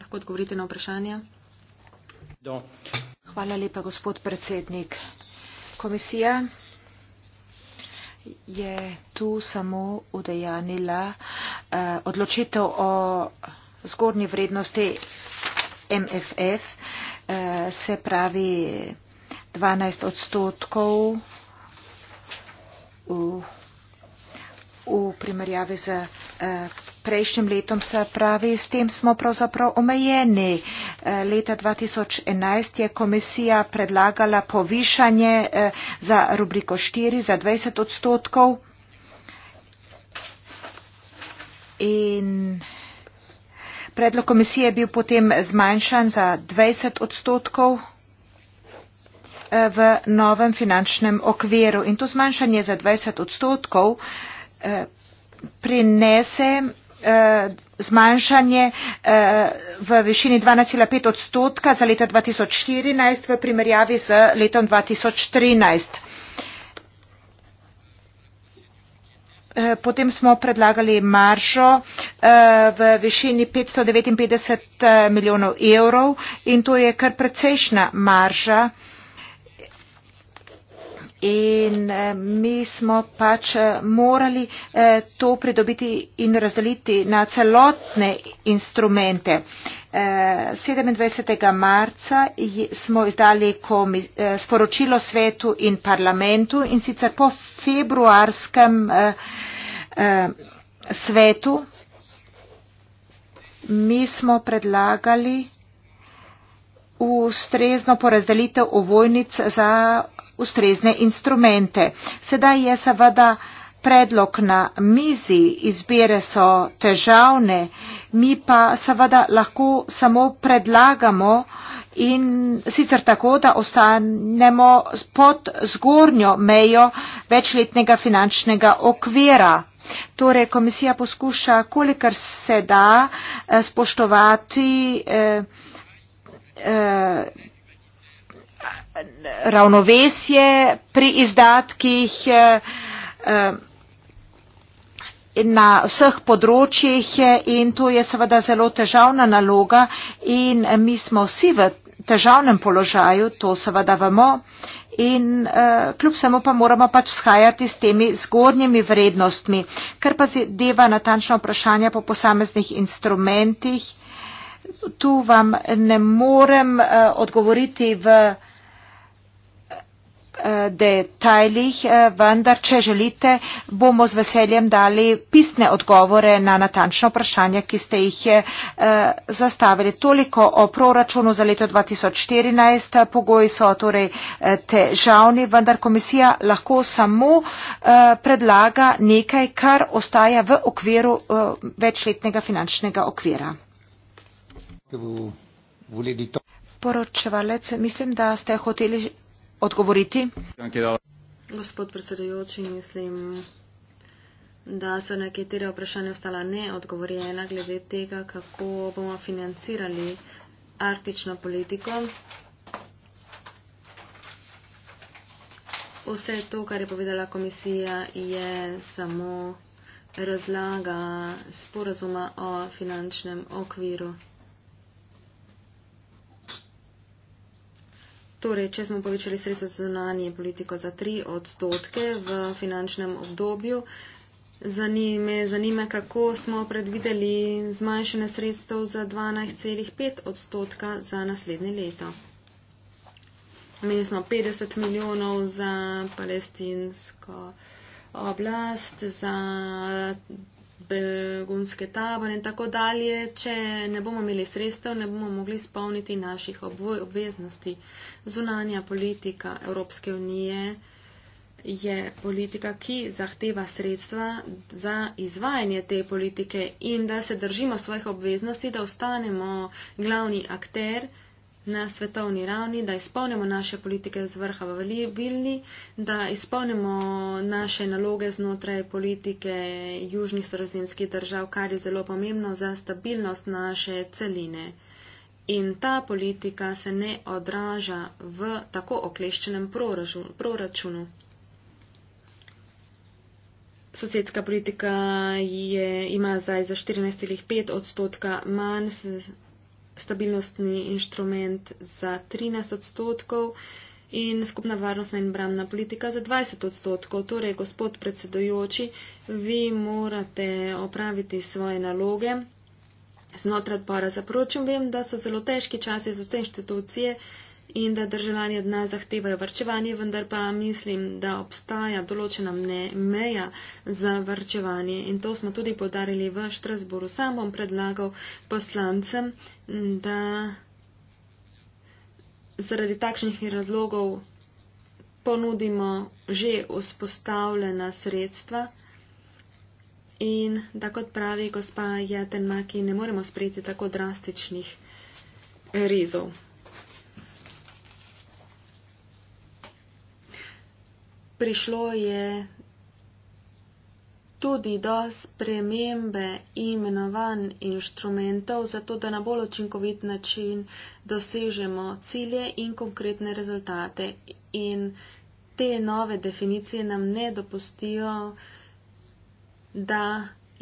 Lahko odgovorite na vprašanje? Do. Hvala lepa, gospod predsednik. Komisija je tu samo udejanila uh, odločitev o zgornji vrednosti MFF, uh, eh, se pravi 12 odstotkov v, v primerjavi z Eh, prejšnjim letom se pravi, s tem smo pravzaprav omejeni. Eh, leta 2011 je komisija predlagala povišanje eh, za rubriko 4 za 20 odstotkov. In predlog komisije je bil potem zmanjšan za 20 odstotkov v novem finančnem okviru. In to zmanjšanje za 20 odstotkov prinese eh, zmanjšanje eh, v višini 12,5 odstotka za leto 2014 v primerjavi z letom 2013. Eh, potem smo predlagali maržo v višini 559 milijonov evrov in to je kar precejšna marža in eh, mi smo pač eh, morali eh, to pridobiti in razdeliti na celotne instrumente. 27. marca smo izdali sporočilo svetu in parlamentu in sicer po februarskem svetu mi smo predlagali ustrezno porazdelitev ovojnic za ustrezne instrumente. Sedaj je seveda predlog na mizi, izbire so težavne, mi pa seveda lahko samo predlagamo in sicer tako, da ostanemo pod zgornjo mejo večletnega finančnega okvira. Torej, komisija poskuša, kolikor se da, eh, spoštovati eh, eh, ravnovesje pri izdatkih eh, eh, na vseh področjih eh, in to je seveda zelo težavna naloga in mi smo vsi v težavnem položaju, to seveda vemo in kljub samo pa moramo pač shajati s temi zgornjimi vrednostmi, ker pa zadeva natančna vprašanja po posameznih instrumentih. Tu vam ne morem odgovoriti v. Eh, detajlih, eh, vendar, če želite, bomo z veseljem dali pisne odgovore na natančno vprašanje, ki ste jih eh, zastavili. Toliko o proračunu za leto 2014. Pogoji so torej težavni, vendar komisija lahko samo predlaga nekaj, kar ostaja v okviru večletnega finančnega okvira. Poročevalec, mislim, da ste hoteli odgovoriti. Gospod predsedujoči, mislim, da so nekatere vprašanja ostala neodgovorjena glede tega, kako bomo financirali arktično politiko. Vse to, kar je povedala komisija, je samo razlaga sporazuma o finančnem okviru. Torej, če smo povečali sredstva za zunanje politiko za 3 odstotke v finančnem obdobju, zanime, zanime, kako smo predvideli zmanjšanje sredstev za 12,5 odstotka za naslednje leto. Imeli smo 50 milijonov za palestinsko oblast, za begunske tabore in tako dalje, če ne bomo imeli sredstev, ne bomo mogli spolniti naših obveznosti. Zunanja politika Evropske unije je politika, ki zahteva sredstva za izvajanje te politike in da se držimo svojih obveznosti, da ostanemo glavni akter na svetovni ravni, da izpolnimo naše politike z vrha v Vilni, da izpolnimo naše naloge znotraj politike južnih sorozemskih držav, kar je zelo pomembno za stabilnost naše celine. In ta politika se ne odraža v tako okleščenem proračunu. Sosedska politika je, ima zdaj za 14,5 odstotka manj stabilnostni inštrument za 13 odstotkov in skupna varnostna in bramna politika za 20 odstotkov. Torej, gospod predsedujoči, vi morate opraviti svoje naloge znotraj odbora za proračun. Vem, da so zelo težki časi za vse inštitucije, in da državljani od nas zahtevajo vrčevanje, vendar pa mislim, da obstaja določena mne, meja za vrčevanje. In to smo tudi podarili v Štrasburu. Sam bom predlagal poslancem, da zaradi takšnih razlogov ponudimo že vzpostavljena sredstva. In da kot pravi gospa Jatenmaki, ne moremo sprejeti tako drastičnih rezov. prišlo je tudi do spremembe imenovanj inštrumentov, zato da na bolj očinkovit način dosežemo cilje in konkretne rezultate. In te nove definicije nam ne dopustijo, da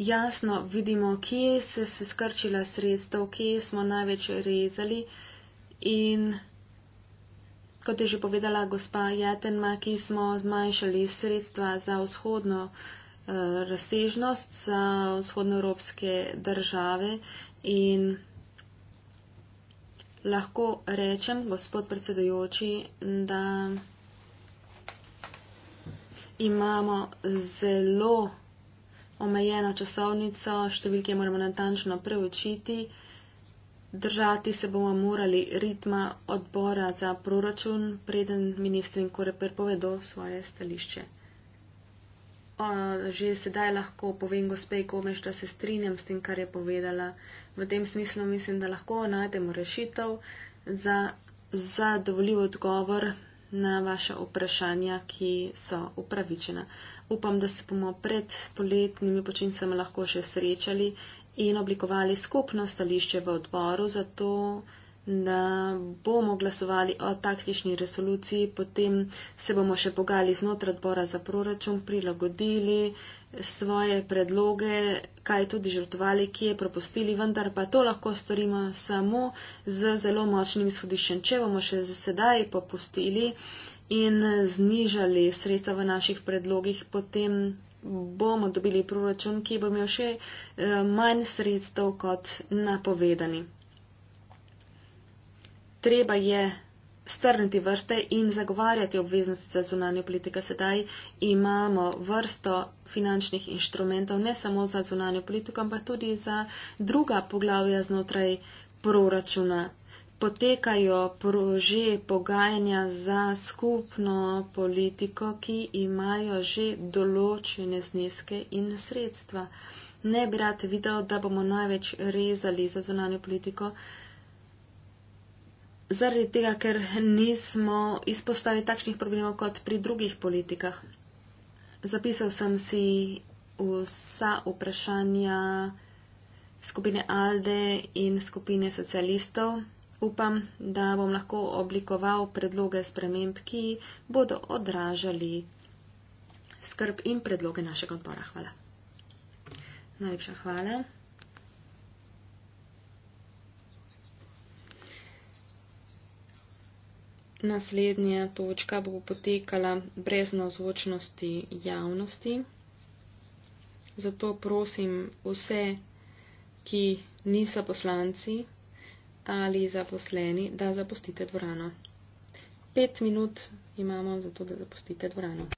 jasno vidimo, kje se je skrčila sredstva, kje smo največ rezali in Kot je že povedala gospa Jatenma, ki smo zmanjšali sredstva za vzhodno eh, razsežnost, za vzhodnoevropske države in lahko rečem, gospod predsedujoči, da imamo zelo omejeno časovnico, številke moramo natančno preučiti. Držati se bomo morali ritma odbora za proračun, preden ministri in koreper povedo svoje stališče. O, že sedaj lahko povem gospej Komeš, da se strinjam s tem, kar je povedala. V tem smislu mislim, da lahko najdemo rešitev za zadovoljiv odgovor na vaše vprašanja, ki so upravičena. Upam, da se bomo pred poletnimi počincami lahko še srečali in oblikovali skupno stališče v odboru za to, da bomo glasovali o taktični resoluciji, potem se bomo še pogali znotraj odbora za proračun, prilagodili svoje predloge, kaj tudi žrtovali, kje propustili, vendar pa to lahko storimo samo z zelo močnim izhodiščem, če bomo še sedaj popustili in znižali sredstva v naših predlogih, potem bomo dobili proračun, ki bo imel še eh, manj sredstev kot napovedani. Treba je strniti vrste in zagovarjati obveznosti za zunanjo politiko. Sedaj imamo vrsto finančnih inštrumentov ne samo za zunanjo politiko, ampak tudi za druga poglavja znotraj proračuna potekajo že pogajanja za skupno politiko, ki imajo že določene zneske in sredstva. Ne bi rad videl, da bomo največ rezali za zunanjo politiko, zaradi tega, ker nismo izpostavili takšnih problemov kot pri drugih politikah. Zapisal sem si vsa vprašanja skupine Alde in skupine socialistov. Upam, da bom lahko oblikoval predloge sprememb, ki bodo odražali skrb in predloge našega odbora. Hvala. Najlepša hvala. Naslednja točka bo potekala brez navzočnosti javnosti. Zato prosim vse, ki niso poslanci, ali zaposleni, da zapustite dvorano. Pet minut imamo za to, da zapustite dvorano.